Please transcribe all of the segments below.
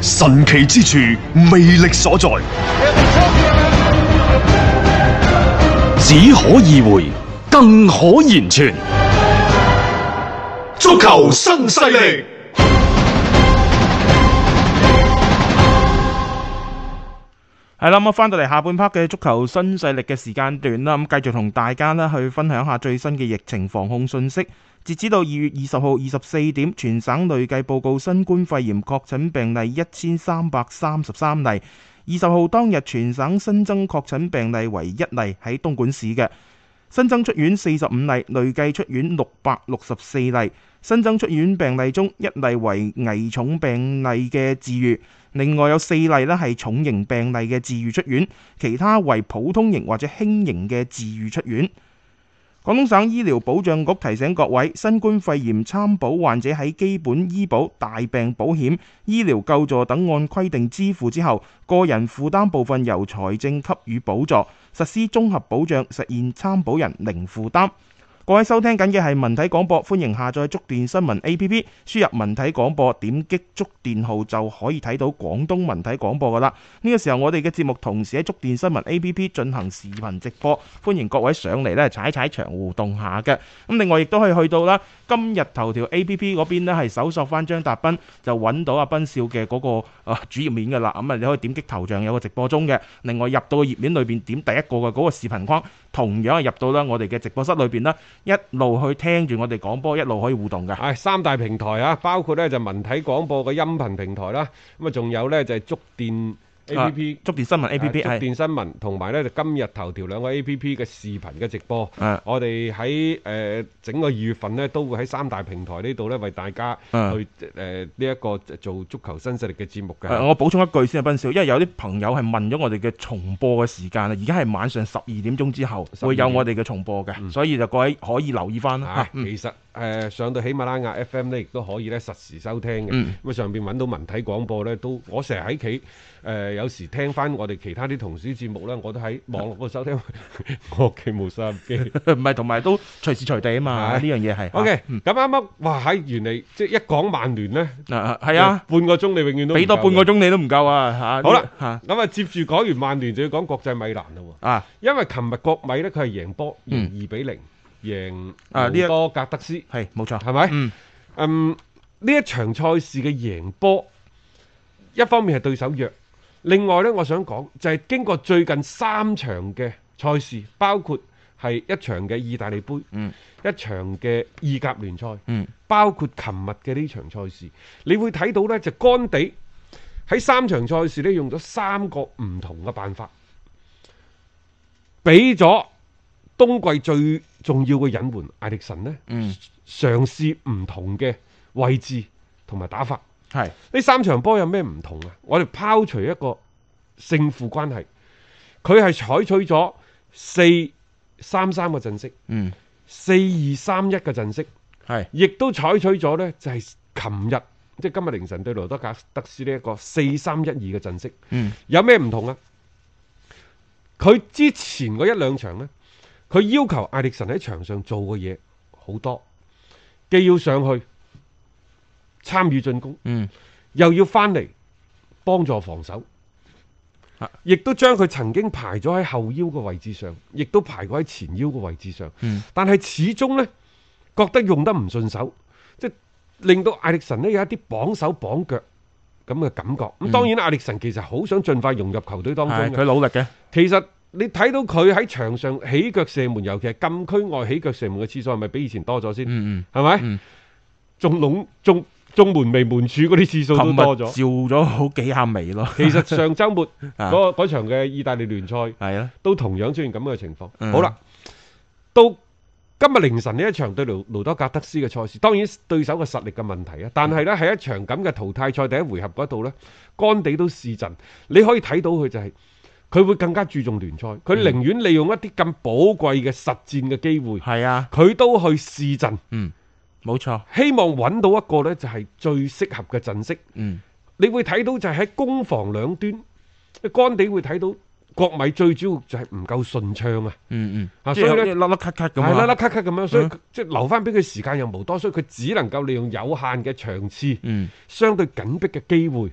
神奇之處，魅力所在，只可意會，更可言傳。足球新勢力，係啦，咁啊，翻到嚟下半 part 嘅足球新勢力嘅時間段啦，咁繼續同大家呢去分享下最新嘅疫情防控信息。截止到二月二十號二十四點，全省累計報告新冠肺炎確診病例一千三百三十三例。二十號當日全省新增確診病例為一例，喺東莞市嘅。新增出院四十五例，累計出院六百六十四例。新增出院病例中，一例為危重病例嘅治愈，另外有四例呢係重型病例嘅治愈出院，其他為普通型或者輕型嘅治愈出院。廣東省醫療保障局提醒各位，新冠肺炎參保患者喺基本醫保、大病保險、醫療救助等按規定支付之後，個人負擔部分由財政給予補助，實施綜合保障，實現參保人零負擔。各位收聽緊嘅係文體廣播，歡迎下載觸電新聞 A P P，輸入文體廣播，點擊觸電號就可以睇到廣東文體廣播噶啦。呢個時候我哋嘅節目同時喺觸電新聞 A P P 進行視頻直播，歡迎各位上嚟咧踩踩場互動下嘅。咁另外亦都可以去到啦今日頭條 A P P 嗰邊咧，係搜索翻張達斌，就揾到阿斌少嘅嗰個啊主頁面噶啦。咁啊，你可以點擊頭像有個直播中嘅，另外入到個頁面裏邊點第一個嘅嗰個視頻框。同樣係入到啦，我哋嘅直播室裏邊啦，一路去聽住我哋廣播，一路可以互動嘅。係三大平台啊，包括咧就文體廣播嘅音頻平台啦，咁啊仲有咧就係觸電，A.P.P. 觸電新聞 A.P.P. 觸電新聞。同埋咧就今日頭條兩個 A.P.P. 嘅視頻嘅直播，我哋喺誒整個二月份呢，都會喺三大平台呢度咧為大家去誒呢一個做足球新勢力嘅節目嘅。我補充一句先啊，斌少，因為有啲朋友係問咗我哋嘅重播嘅時間啊，而家係晚上十二點鐘之後會有我哋嘅重播嘅，所以就各位可以留意翻啦。嚇，其實誒上到喜馬拉雅 F.M. 咧亦都可以咧實時收聽嘅，咁上邊揾到文體廣播咧都我成日喺企誒。有時聽翻我哋其他啲同事節目咧，我都喺網絡嗰度收聽。我屋企冇收音機，唔係，同埋都隨時隨地啊嘛。呢樣嘢係。OK，咁啱啱，哇，喺原嚟即係一講曼聯咧，係啊，半個鐘你永遠都俾多半個鐘你都唔夠啊！吓，好啦，吓，咁啊，接住講完曼聯就要講國際米蘭啦。啊，因為琴日國米咧佢係贏波，嗯，二比零贏多格德斯，係冇錯，係咪？嗯，嗯，呢一場賽事嘅贏波，一方面係對手弱。另外咧，我想講就係、是、經過最近三場嘅賽事，包括係一場嘅意大利杯，嗯，一場嘅意甲聯賽，嗯，包括琴日嘅呢場賽事，你會睇到咧，就干地喺三場賽事咧用咗三個唔同嘅辦法，俾咗冬季最重要嘅新援艾力臣咧，嗯，嘗試唔同嘅位置同埋打法。係呢是三場波有咩唔同啊？我哋拋除一個勝負關係，佢係採取咗四三三嘅陣式，嗯，四二三一嘅陣式，係是，亦都採取咗呢，就係琴日即係今日凌晨對羅德夾德斯呢一個四三一二嘅陣式，嗯，有咩唔同啊？佢之前嗰一兩場呢，佢要求艾力神喺場上做嘅嘢好多，既要上去。參與進攻，嗯，又要翻嚟幫助防守，亦、啊、都將佢曾經排咗喺後腰嘅位置上，亦都排過喺前腰嘅位置上，嗯、但係始終呢，覺得用得唔順手，即令到艾力神呢有一啲綁手綁腳咁嘅感覺。咁、嗯、當然艾力神其實好想盡快融入球隊當中，佢努力嘅。其實你睇到佢喺場上起腳射門，尤其係禁區外起腳射門嘅次數，係咪比以前多咗先？嗯嗯，係咪吧？仲籠仲。中門未門柱嗰啲次數都多咗，照咗好幾下眉咯。其實上周末嗰嗰場嘅意大利聯賽係啊，都同樣出現咁嘅情況。好啦，到今日凌晨呢一場對盧盧多格德斯嘅賽事，當然對手嘅實力嘅問題啊，但係咧喺一場咁嘅淘汰賽第一回合嗰度咧，干地都試陣。你可以睇到佢就係，佢會更加注重聯賽，佢寧願利用一啲咁寶貴嘅實戰嘅機會，係啊，佢都去試陣。嗯。冇錯，沒錯希望揾到一個呢就係係最適合嘅陣式。嗯，你會睇到就喺攻防兩端，干地會睇到國米最主要就係唔夠順暢啊。嗯嗯，即係甩甩咳咳咁啊，甩甩咳咳咁樣，所以,、嗯、所以即係留翻俾佢時間又無多，所以佢只能夠利用有限嘅場次，嗯、相對緊逼嘅機會，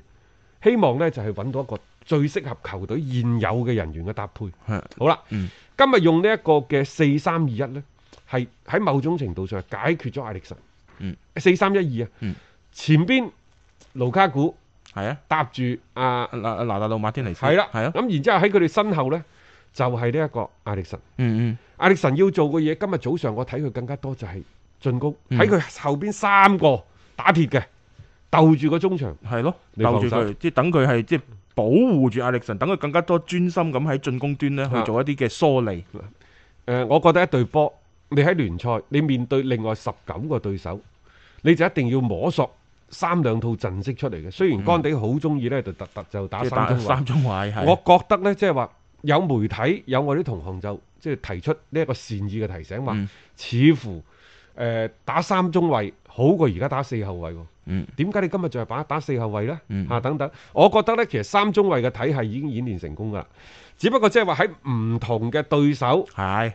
希望呢就係、是、揾到一個最適合球隊現有嘅人員嘅搭配。嗯嗯、好啦，今日用這呢一個嘅四三二一咧。係喺某種程度上解決咗艾力神。嗯，四三一二啊，前邊盧卡古係啊，搭住阿嗱嗱嗱路馬天尼。係啦了，係啊。咁然之後喺佢哋身後咧，就係呢一個艾力神。嗯嗯，嗯艾力神要做嘅嘢，今日早上我睇佢更加多就係進攻。喺佢、嗯、後邊三個打鐵嘅，鬥住個中場係咯，鬥、啊、住佢，即係等佢係即係保護住艾力神，等佢更加多專心咁喺進攻端咧去做一啲嘅梳理。誒、啊呃，我覺得一對波。你喺聯賽，你面對另外十九個對手，你就一定要摸索三兩套陣式出嚟嘅。雖然干地好中意咧，就突突就打三中三中衛，我覺得咧，即係話有媒體有我啲同行就即係提出呢一個善意嘅提醒，話似乎誒打三中衛好過而家打四後衛喎。點解你今日仲係打打四後衛咧？嚇等等，我覺得咧，其實三中衛嘅體系已經演練成功噶啦，只不過即係話喺唔同嘅對手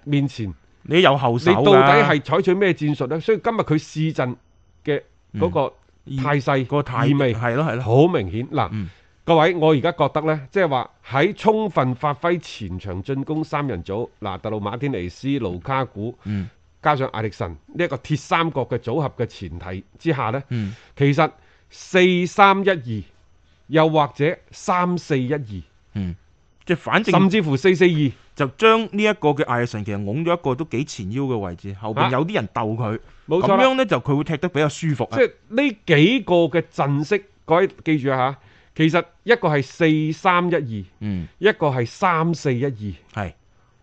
面前。你有後手啦，你到底係採取咩戰術呢？所以今日佢試陣嘅嗰個態勢、嗯嗰個態味係咯係咯，好明顯嗱。嗯、各位，我而家覺得呢，即係話喺充分發揮前場進攻三人組嗱，特魯馬天尼斯、盧卡古，嗯、加上艾力神呢一、這個鐵三角嘅組合嘅前提之下呢，嗯、其實四三一二又或者三四一二。即係反正，甚至乎四四二就將呢一個嘅艾神，其實拱咗一個都幾前腰嘅位置，後邊有啲人斗佢，咁樣咧就佢會踢得比較舒服。即係呢幾個嘅陣式，各位記住啊吓，其實一個係四三一二，嗯，一個係三四一二，係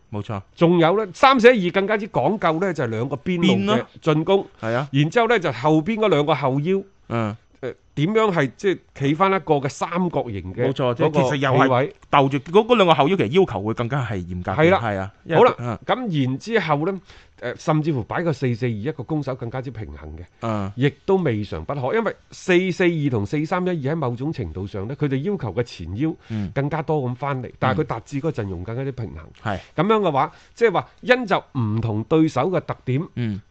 冇錯，仲有咧三四一二更加之講究咧，就係兩個邊路嘅進攻，係啊，然之後咧就後邊嗰兩個後腰，嗯。誒，點、呃、樣係即係企翻一個嘅三角形嘅？冇錯錯，即係其實又係位斗住嗰嗰兩個後腰，其實要求會更加係嚴格嘅。係啦，係啊，好啦，咁然之後咧，誒，甚至乎擺個四四二，一個攻守更加之平衡嘅，亦、嗯、都未嘗不可。因為四四二同四三一二喺某種程度上咧，佢哋要求嘅前腰更加多咁翻嚟，嗯、但係佢達至嗰個陣容更加之平衡。係咁是樣嘅話，即係話因就唔同對手嘅特點，嗯、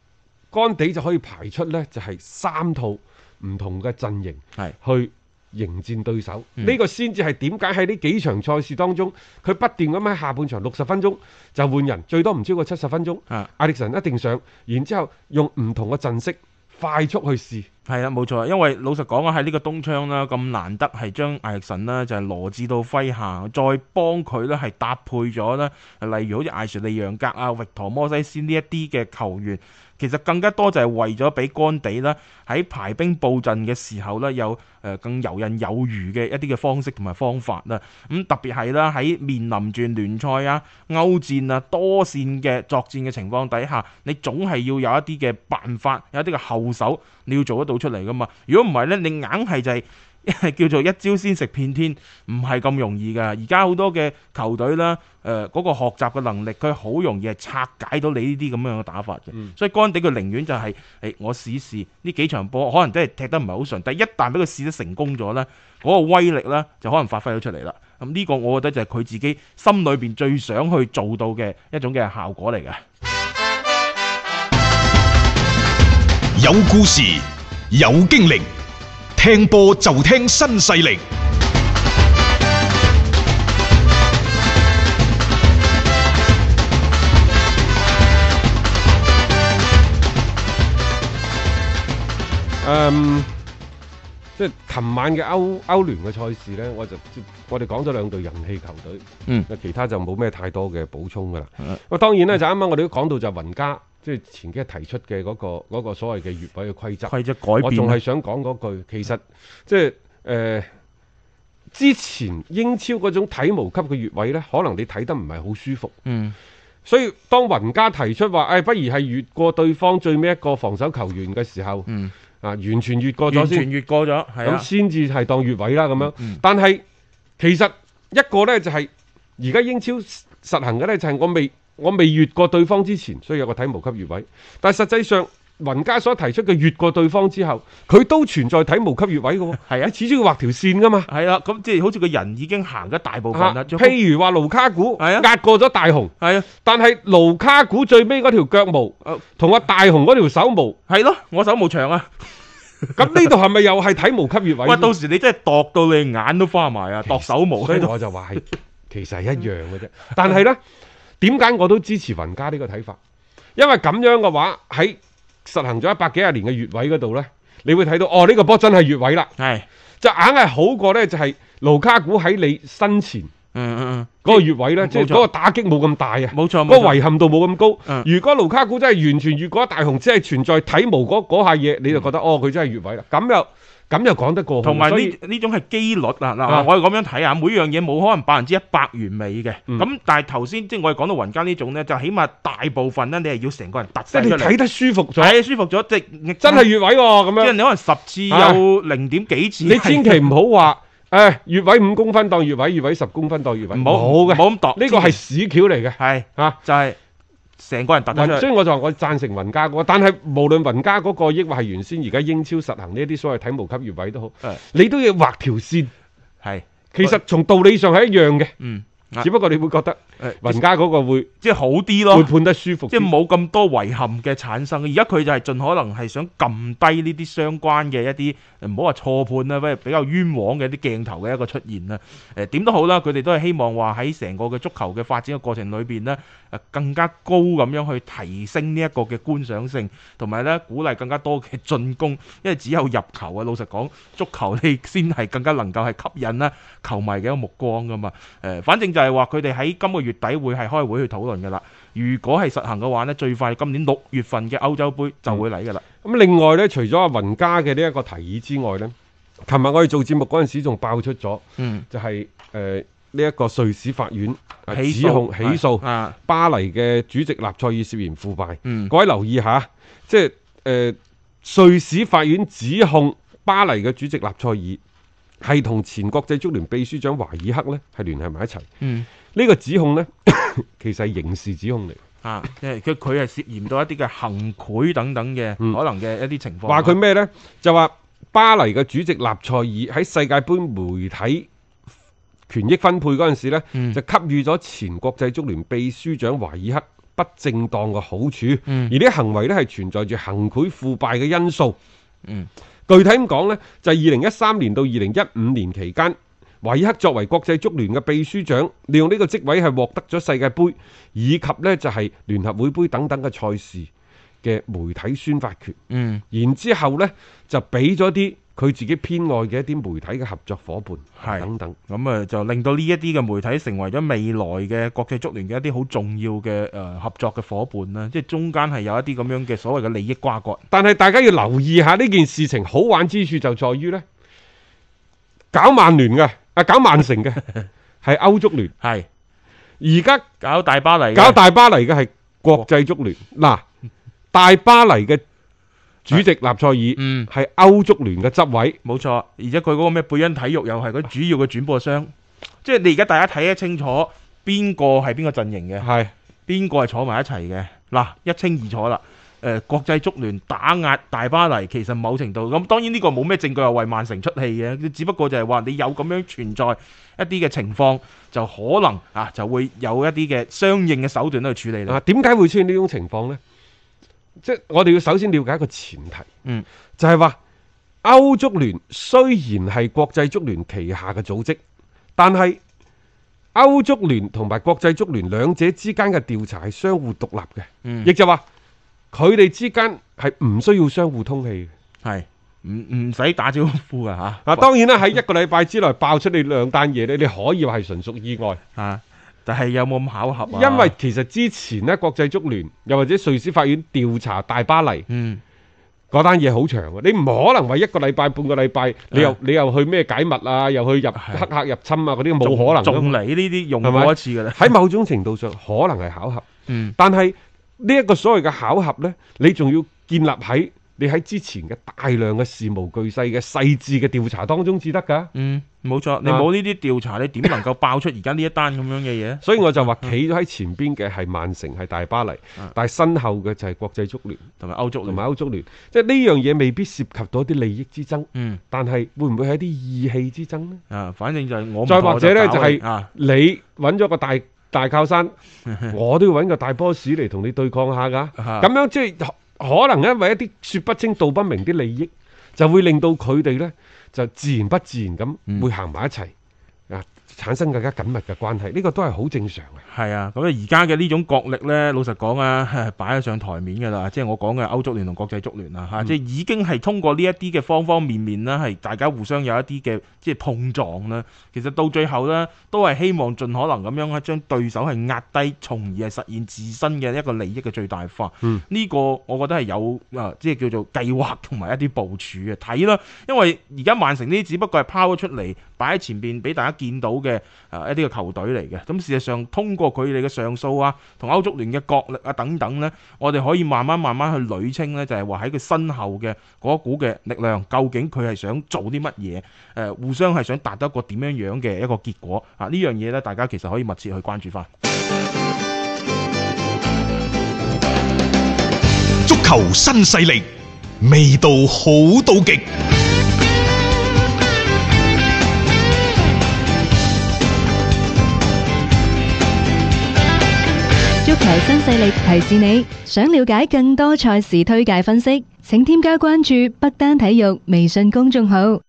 干地就可以排出咧，就係、是、三套。唔同嘅陣型係去迎戰對手，呢的、嗯、個先至係點解喺呢幾場賽事當中，佢不斷咁喺下半場六十分鐘就換人，最多唔超過七十分鐘。是的 艾力神一定上，然之後用唔同嘅陣式快速去試。係啊，冇錯啊，因為老實講啊，喺呢個東窗啦，咁難得係將艾力神啦，就係羅致到麾下，再幫佢咧係搭配咗咧，例如好似艾殊利楊格啊、域陀摩西斯呢一啲嘅球員。其實更加多就係為咗俾干地啦，喺排兵佈陣嘅時候咧，有誒更游刃有餘嘅一啲嘅方式同埋方法啦。咁特別係啦，喺面臨住聯賽啊、歐戰啊多線嘅作戰嘅情況底下，你總係要有一啲嘅辦法，有一啲嘅後手你要做得到出嚟㗎嘛。如果唔係咧，你硬係就係、是。係叫做一招先食遍天，唔係咁容易噶。而家好多嘅球隊啦，誒、呃，嗰、那個學習嘅能力，佢好容易係拆解到你呢啲咁樣嘅打法嘅。嗯、所以、就是，干地佢寧願就係，誒，我試一試呢幾場波，可能真係踢得唔係好順，但係一旦俾佢試得成功咗呢，嗰、那個威力呢，就可能發揮咗出嚟啦。咁呢個，我覺得就係佢自己心裏邊最想去做到嘅一種嘅效果嚟嘅。有故事，有經歷。聽波就聽新勢力。嗯，即係琴晚嘅歐歐聯嘅賽事咧，我就我哋講咗兩隊人氣球隊，嗯，其他就冇咩太多嘅補充噶啦。咁當然咧就啱啱我哋都講到就雲加，即係前幾日提出嘅嗰、嗰個嗰個所謂嘅越位嘅規則，規則改變。我仲係想講嗰句，其實、嗯、即係、呃、之前英超嗰種體毛級嘅越位呢，可能你睇得唔係好舒服。嗯，所以當雲加提出話，誒、哎、不如係越過對方最尾一個防守球員嘅時候，嗯啊完全越過咗先，完全越過咗咁先至係當越位啦咁樣。嗯嗯、但係其實一個呢，就係而家英超實行嘅呢，就係、是、我未。我未越過對方之前，所以有個體毛級越位。但實際上，雲家所提出嘅越過對方之後，佢都存在體毛級越位嘅喎。係啊，始終要畫條線噶嘛。係啊，咁即係好似個人已經行咗大部分啦。譬如話，盧卡古壓過咗大雄。係啊，但係盧卡古最尾嗰條腳毛，同阿大雄嗰條手毛。係咯，我手毛長啊。咁呢度係咪又係體毛級越位？哇！到時你真係度到你眼都花埋啊，度手毛。所以我就話係，其實係一樣嘅啫。但係咧。點解我都支持雲加呢個睇法？因為咁樣嘅話，喺實行咗一百幾十年嘅越位嗰度呢，你會睇到哦，呢、這個波真係越位啦，係是就硬係好過呢，就係、是、盧卡古喺你身前。嗯嗯嗯，個越位咧，即係嗰個打擊冇咁大啊，冇錯，嗰個遺憾度冇咁高。如果盧卡古真係完全，如果大雄真係存在體毛嗰下嘢，你就覺得哦，佢真係越位啦。咁又咁又講得過？同埋呢呢種係機率啦，嗱，我哋咁樣睇下，每樣嘢冇可能百分之一百完美嘅。咁但係頭先即係我哋講到雲加呢種咧，就起碼大部分咧，你係要成個人凸曬出嚟你睇得舒服咗，睇舒服咗，即真係越位喎。咁樣即係你可能十次有零點幾次。你千祈唔好話。誒，越位五公分當越位，越位十公分當越位。唔好，唔好嘅，唔好咁度。呢個係屎橋嚟嘅。係吓就係成個人突咗出嚟。所以我就話我贊成雲家嗰個，但係無論雲家嗰個抑或係原先而家英超實行呢一啲所謂體毛級越位都好，你都要畫條線。係，其實從道理上係一樣嘅。嗯。只不過你會覺得，雲家嗰個會即係好啲咯，會判得舒服、啊啊就是，即係冇咁多遺憾嘅產生。而家佢就係盡可能係想撳低呢啲相關嘅一啲，唔好話錯判啦，不如比較冤枉嘅啲鏡頭嘅一個出現啦。誒、呃，點都好啦，佢哋都係希望話喺成個嘅足球嘅發展嘅過程裏邊咧。更加高咁樣去提升呢一個嘅觀賞性，同埋呢鼓勵更加多嘅進攻，因為只有入球啊！老實講，足球你先係更加能夠係吸引啦球迷嘅一個目光噶嘛、呃。反正就係話佢哋喺今個月底會係開會去討論噶啦。如果係實行嘅話呢，最快今年六月份嘅歐洲杯就會嚟噶啦。咁、嗯嗯、另外呢，除咗阿雲加嘅呢一個提議之外呢，琴日我哋做節目嗰陣時仲爆出咗，嗯，就係、是、誒。呃呢一個瑞士法院指控起訴巴黎嘅主席納賽爾涉嫌腐敗。嗯、各位留意吓，即係誒、呃、瑞士法院指控巴黎嘅主席納賽爾係同前國際足聯秘書長華爾克咧係聯繫埋一齊。呢、嗯、個指控呢， 其實係刑事指控嚟，啊，佢佢係涉嫌到一啲嘅行賄等等嘅可能嘅一啲情況。話佢咩呢？就話巴黎嘅主席納賽爾喺世界盃媒體。權益分配嗰陣時咧，就給予咗前國際足聯秘書長懷爾克不正當嘅好處，而呢行為呢，係存在住行賄腐敗嘅因素。嗯，具體咁講呢，就係二零一三年到二零一五年期間，懷爾克作為國際足聯嘅秘書長，利用呢個職位係獲得咗世界盃以及呢就係聯合會杯等等嘅賽事嘅媒體宣發權。嗯，然之後呢，就俾咗啲。佢自己偏愛嘅一啲媒體嘅合作伙伴，係是等等，咁啊就令到呢一啲嘅媒體成為咗未來嘅國際足聯嘅一啲好重要嘅誒合作嘅伙伴啦，即、就、係、是、中間係有一啲咁樣嘅所謂嘅利益瓜葛。但係大家要留意下呢件事情，好玩之處就在於呢搞曼聯嘅啊，搞曼城嘅係 歐足聯，係而家搞大巴黎，搞大巴黎嘅係國際足聯。嗱， 大巴黎嘅。主席納賽爾，嗯，係歐足聯嘅執委，冇錯。而且佢嗰個咩貝恩體育又係佢主要嘅轉播商，啊、即係你而家大家睇得清楚邊個係邊個陣營嘅，係邊個係坐埋一齊嘅，嗱一清二楚啦。誒，國際足聯打壓大巴黎，其實某程度咁，當然呢個冇咩證據係為曼城出氣嘅，只不過就係話你有咁樣存在一啲嘅情況，就可能啊就會有一啲嘅相應嘅手段去處理啦。點解、啊、會出現呢種情況呢？即係我哋要首先了解一個前提，嗯，就係話歐足聯雖然係國際足聯旗下嘅組織，但係歐足聯同埋國際足聯兩者之間嘅調查係相互獨立嘅，亦、嗯、就話佢哋之間係唔需要相互通氣嘅，係唔唔使打招呼嘅吓。嗱，當然啦，喺一個禮拜之內爆出你兩單嘢，你可以話係純屬意外吓。啊但係有冇咁巧合啊？因為其實之前咧，國際足聯又或者瑞士法院調查大巴黎，嗯那事很，嗰單嘢好長嘅，你唔可能話一個禮拜、半個禮拜，你又你又去咩解密啊，又去入黑客入侵啊嗰啲，冇還可能。仲理呢啲用過一次嘅啦。喺某種程度上，可能係巧合。嗯，但係呢一個所謂嘅巧合咧，你仲要建立喺，你喺之前嘅大量嘅事無巨細嘅細緻嘅調查當中至得噶，嗯，冇錯，你冇呢啲調查，你點能夠爆出而家呢一單咁樣嘅嘢？所以我就話，企咗喺前邊嘅係曼城，係大巴黎，但係身後嘅就係國際足聯同埋歐足聯同埋歐足聯，即係呢樣嘢未必涉及到一啲利益之爭，嗯，但係會唔會係一啲意氣之爭呢？啊，反正就係我再或者咧，就係你揾咗個大大靠山，我都要揾個大 boss 嚟同你對抗下噶，咁樣即係。可能因為一啲説不清道不明嘅利益，就會令到佢哋呢就自然不自然咁會行埋一齊啊。嗯產生更加緊密嘅關係，呢個都係好正常嘅。係啊，咁啊，而家嘅呢種角力呢，老實講啊，擺咗上台面嘅啦，即係我講嘅歐足聯同國際足聯啊，嚇、嗯，即係已經係通過呢一啲嘅方方面面啦，係大家互相有一啲嘅即係碰撞啦。其實到最後呢，都係希望盡可能咁樣咧，將對手係壓低，從而係實現自身嘅一個利益嘅最大化。嗯，呢個我覺得係有啊，即係叫做計劃同埋一啲部署嘅睇啦。因為而家曼城呢，只不過係拋咗出嚟。擺喺前邊俾大家見到嘅，誒一啲嘅球隊嚟嘅。咁事實上，通過佢哋嘅上訴啊，同歐足聯嘅角力啊等等呢，我哋可以慢慢慢慢去捋清呢，就係話喺佢身後嘅嗰股嘅力量，究竟佢係想做啲乜嘢？誒，互相係想達到一個點樣樣嘅一個結果啊！呢樣嘢呢，大家其實可以密切去關注翻。足球新勢力，味道好到極。提新勢力提示你，想了解更多賽事推介分析，請添加關注北單體育微信公眾號。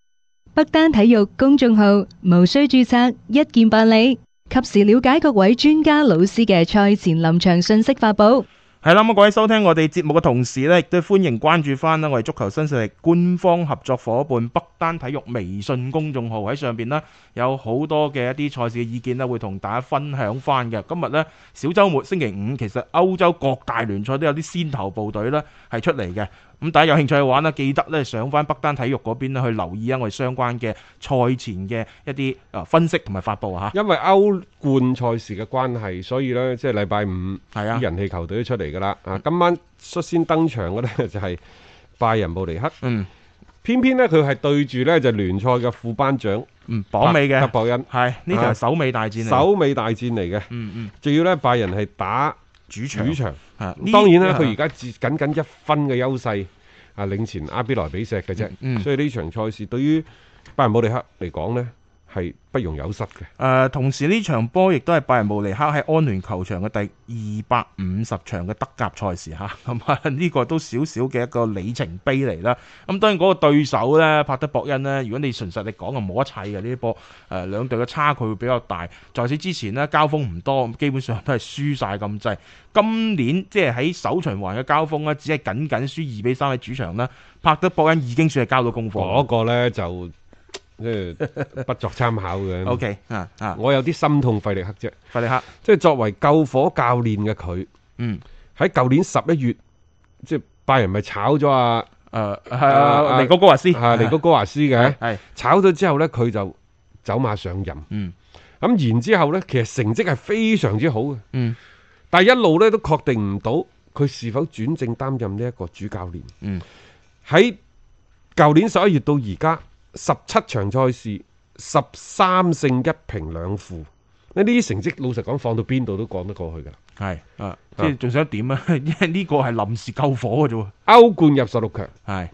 北單體育公眾號無需注冊，一鍵辦理，及時了解各位專家老師嘅賽前臨場信息發布。係啦！咁各位收聽我哋節目嘅同時咧，亦都歡迎關注翻啦我哋足球新勢力官方合作伙伴北單體育微信公眾號。喺上邊呢有好多嘅一啲賽事嘅意見呢，會同大家分享翻嘅。今日咧小周末星期五，其實歐洲各大聯賽都有啲先頭部隊呢係出嚟嘅。咁大家有興趣嘅話，呢記得咧上返北丹體育嗰邊咧去留意我哋相關嘅賽前嘅一啲啊分析同埋發布吓。因為歐冠賽事嘅關係，所以呢，即係禮拜五，啲人氣球隊都出嚟噶啦。啊，今晚率先登場嘅呢，就係拜仁慕尼黑。嗯，偏偏呢，佢係對住呢就聯賽嘅副班長，嗯，榜尾嘅帕德博恩，係呢場首尾大戰，首尾大戰嚟嘅、嗯。嗯嗯，仲要呢，拜仁係打。主場主場，當然啦，佢而家只僅僅一分嘅優勢啊領前阿比萊比錫嘅啫，嗯嗯、所以呢場賽事對於拜仁慕尼黑嚟講咧。係不容有失嘅。誒、呃，同時呢場波亦都係拜仁慕尼黑喺安聯球場嘅第二百五十場嘅德甲賽事嚇，咁、嗯、啊呢、這個都少少嘅一個里程碑嚟啦。咁、嗯、當然嗰個對手呢，帕德博恩呢，如果你純實力講啊，冇得砌嘅呢啲波。誒、呃，兩隊嘅差距會比較大，在此之前呢，交鋒唔多，基本上都係輸晒咁滯。今年即係喺首循環嘅交鋒呢，只係僅僅輸二比三喺主場啦。帕德博恩已經算係交到功課。嗰個呢就。即係不作參考嘅。O K，啊啊，我有啲心痛費力克啫，費力克，即係作為救火教練嘅佢，嗯，喺舊年十一月，即係拜仁咪炒咗啊，誒，阿尼哥哥華斯，尼哥哥華斯嘅，係炒咗之後咧，佢就走馬上任，嗯，咁然之後咧，其實成績係非常之好嘅，嗯，但係一路咧都確定唔到佢是否轉正擔任呢一個主教練，嗯，喺舊年十一月到而家。十七場賽事十三勝一平兩負，呢啲成績老實講放到邊度都講得過去噶啦。係啊，即係仲想點啊？因為呢個係臨時救火嘅啫。歐冠入十六強，係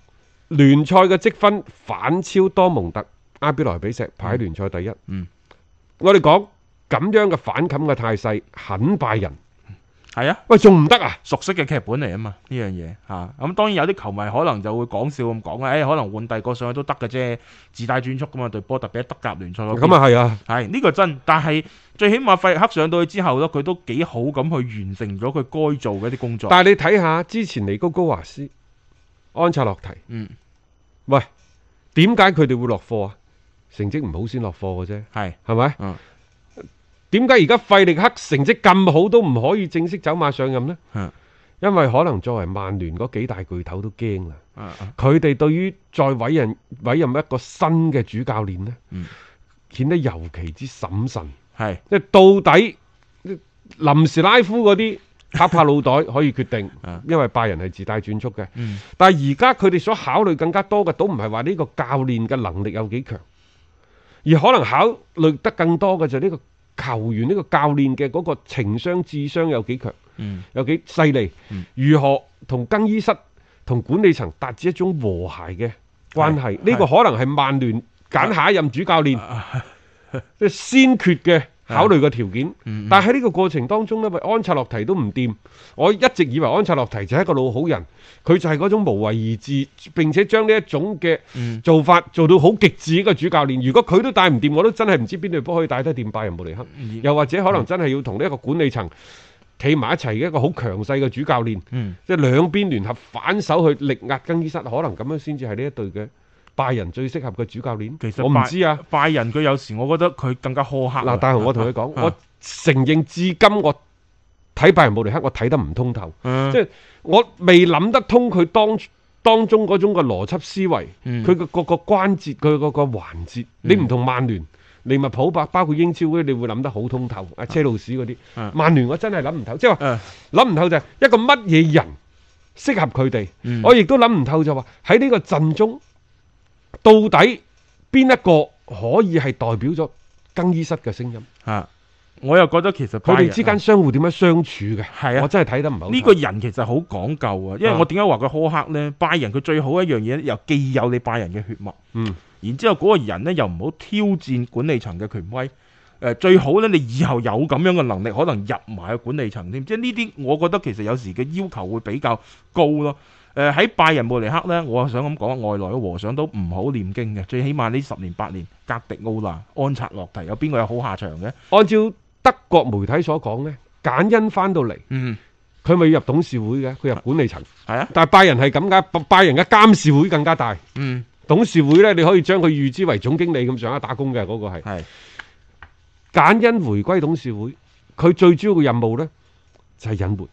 聯賽嘅積分反超多蒙特，阿比萊比錫排喺聯賽第一。嗯，嗯，我哋講咁樣嘅反冚嘅態勢，很拜仁。係啊，喂，仲唔得啊？熟悉嘅劇本嚟啊嘛，呢樣嘢吓，咁、嗯、當然有啲球迷可能就會講笑咁講啊，誒、欸，可能換第二個上去都得嘅啫，自帶轉速噶嘛，對波特別係德甲聯賽嗰，咁啊係啊，係呢、這個真，但係最起碼費力克上到去之後咯，佢都幾好咁去完成咗佢該做嘅啲工作。但係你睇下之前尼高高華斯安察洛提，嗯，喂，點解佢哋會落課啊？成績唔好先落課嘅啫，係係咪？吧嗯。點解而家費力克成績咁好都唔可以正式走馬上任呢？因為可能作為曼聯嗰幾大巨頭都驚啦。佢哋、啊啊、對於再委任委任一個新嘅主教練呢，嗯，顯得尤其之審慎係。即是到底臨時拉夫嗰啲拍拍腦袋可以決定， 啊、因為拜仁係自帶轉速嘅。嗯、但係而家佢哋所考慮更加多嘅，都唔係話呢個教練嘅能力有幾強，而可能考慮得更多嘅就係呢個。球員，呢個教練嘅個情商智商，有幾強，有幾厲害，如何同更衣室同管理層達至一種和諧嘅關係，呢個可能係曼聯揀下一任主教練即係先決嘅考慮個條件，但喺呢個過程當中咧，安切洛提都唔掂。我一直以為安切洛提就係一個老好人，佢就係嗰種無為而治，並且將呢一種嘅做法做到好極致嘅主教練。如果佢都帶唔掂，我都真係唔知邊隊波可以帶得掂。拜仁慕尼克，又或者可能真係要同呢一個管理層企埋一齊嘅一個好強勢嘅主教練，即係、嗯、兩邊聯合反手去力壓更衣室，可能咁樣先至係呢一隊嘅。拜仁最適合嘅主教練，其實我唔知啊。拜仁佢有時我覺得佢更加苛刻嗱。大雄，我同佢講，我承認至今我睇拜仁慕尼黑，我睇得唔通透，即係我未諗得通佢當當中嗰種嘅邏輯思維，佢嘅各個關節，佢嗰個環節。你唔同曼聯、利物浦，包括英超嗰啲，你會諗得好通透。阿車路士嗰啲，曼聯我真係諗唔透，即係話諗唔透就係一個乜嘢人適合佢哋。我亦都諗唔透就話喺呢個陣中。到底邊一個可以係代表咗更衣室嘅聲音？吓、啊，我又覺得其實佢哋之間相互點樣相處嘅？係啊，我真係睇得唔好，呢個人其實好講究啊，因為我點解話佢苛刻呢？拜仁佢最好一樣嘢，又既有你拜仁嘅血脈，嗯，然之後嗰個人呢，又唔好挑戰管理層嘅權威。最好呢，你以後有咁樣嘅能力，可能入埋管理層添。即係呢啲，我覺得其實有時嘅要求會比較高咯。誒，喺、呃、拜仁慕尼克呢，我想咁講，外來嘅和尚都唔好念經嘅，最起碼呢十年八年，格迪奧拉、安察洛提有邊個有好下場嘅？按照德國媒體所講呢，簡恩翻到嚟，嗯，佢咪要入董事會嘅，佢入管理層，係啊。但係拜仁係咁解，拜仁嘅監事會更加大，嗯，董事會呢，你可以將佢預知為總經理咁上下打工嘅嗰、那個係，係是簡恩回歸董事會，佢最主要嘅任務呢，就係隱瞞，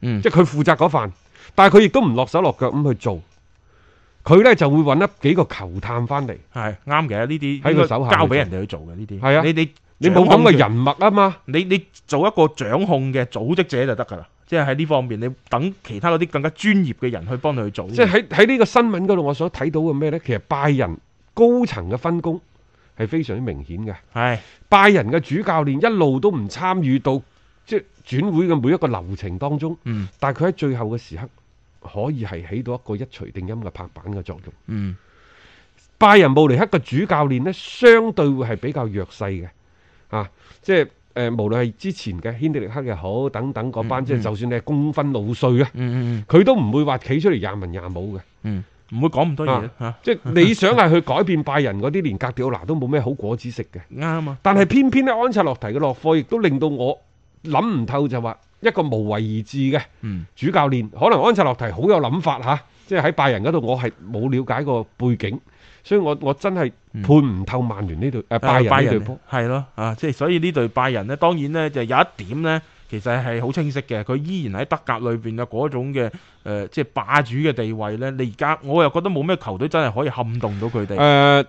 嗯、即係佢負責嗰份。但係佢亦都唔落手落腳咁去做，佢呢就會揾一幾個球探翻嚟，係啱嘅呢啲喺個手下交俾人哋去做嘅呢啲，係啊些的，你冇咁嘅人脈啊嘛，你你做一個掌控嘅組織者就得噶啦，即係喺呢方面你等其他嗰啲更加專業嘅人去幫佢去做。即係喺喺呢個新聞嗰度，我所睇到嘅咩呢？其實拜仁高層嘅分工係非常之明顯嘅，係的拜仁嘅主教練一路都唔參與到即。轉會嘅每一個流程當中，嗯、但係佢喺最後嘅時刻可以係起到一個一錘定音嘅拍板嘅作用。嗯、拜仁慕尼克嘅主教練呢，相對會係比較弱勢嘅，啊，即係誒，無論係之前嘅軒迪力克又好，等等嗰班，即係、嗯嗯、就，就算你係功勳老帥啊，佢都唔會話企出嚟廿文廿武嘅，唔會講咁多嘢，即係你想係去改變拜仁嗰啲連格迪奧拿都冇咩好果子食嘅，啱、嗯嗯、但係偏偏咧安察洛提嘅落課，亦都令到我。諗唔透就話一個無為而治嘅主教練，嗯、可能安切洛提好有諗法嚇，即係喺拜仁嗰度我係冇了解過背景，所以我我真係判唔透曼聯呢隊，誒、呃、拜仁對、呃、拜仁隊係咯啊，即係所以呢隊拜仁呢，當然呢，就有一點呢，其實係好清晰嘅，佢依然喺德甲裏邊嘅嗰種嘅誒、呃，即係霸主嘅地位呢。你而家我又覺得冇咩球隊真係可以撼動到佢哋。誒、呃，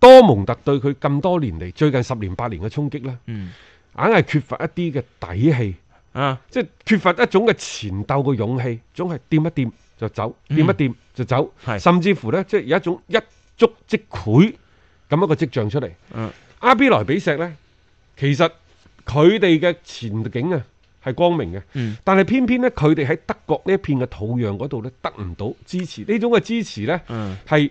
多蒙特對佢咁多年嚟，最近十年八年嘅衝擊咧。嗯硬係缺乏一啲嘅底氣啊！即係缺乏一種嘅前鬥嘅勇氣，總係掂一掂就走，掂、嗯、一掂就走，嗯、甚至乎呢，即係有一種一觸即潰咁一個跡象出嚟。嗯、阿比萊比錫呢，其實佢哋嘅前景啊係光明嘅，嗯、但係偏偏呢，佢哋喺德國呢一片嘅土壤嗰度呢，得唔到支持，呢種嘅支持呢，係、嗯。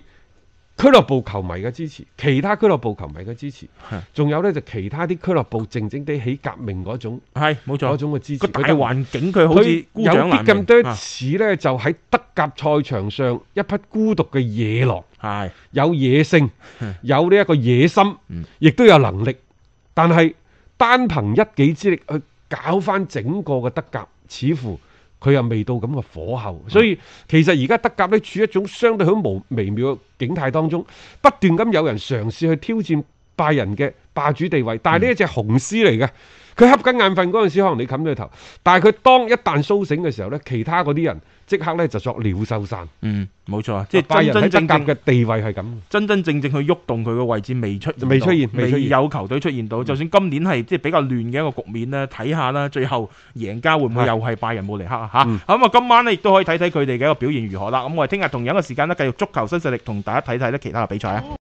俱樂部球迷嘅支持，其他俱樂部球迷嘅支持，仲有呢，就其他啲俱樂部靜靜地起革命嗰種係冇錯嗰種嘅支持。個大環境佢就好似孤掌難鳴，有啲咁多次呢，啊、就喺德甲賽場上一匹孤獨嘅野狼，係是有野性，是有呢一個野心，亦、嗯、都有能力，但係單憑一己之力去搞翻整個嘅德甲，似乎。佢又未到咁嘅火候，所以其實而家德甲咧處於一種相對好無微妙嘅境態當中，不斷咁有人嘗試去挑戰拜仁嘅霸主地位，但呢一隻雄獅嚟嘅，佢瞌緊眼瞓嗰陣時，可能你冚咗佢頭，但佢當一旦甦醒嘅時候呢，其他嗰啲人即刻呢就作鳥獸散。嗯，冇錯啊，即係拜仁喺德甲嘅地位係咁，真真正正，正去喐動佢嘅位置未出，未出現，未出現未有球隊出現到。嗯、就算今年係即係比較亂嘅一個局面呢，睇下啦，最後贏家會唔會又係拜仁慕尼黑啊？咁啊、嗯嗯、今晚呢亦都可以睇睇佢哋嘅一個表現如何啦。咁我哋聽日同樣嘅時間呢，繼續足球新勢力同大家睇睇呢其他嘅比賽啊。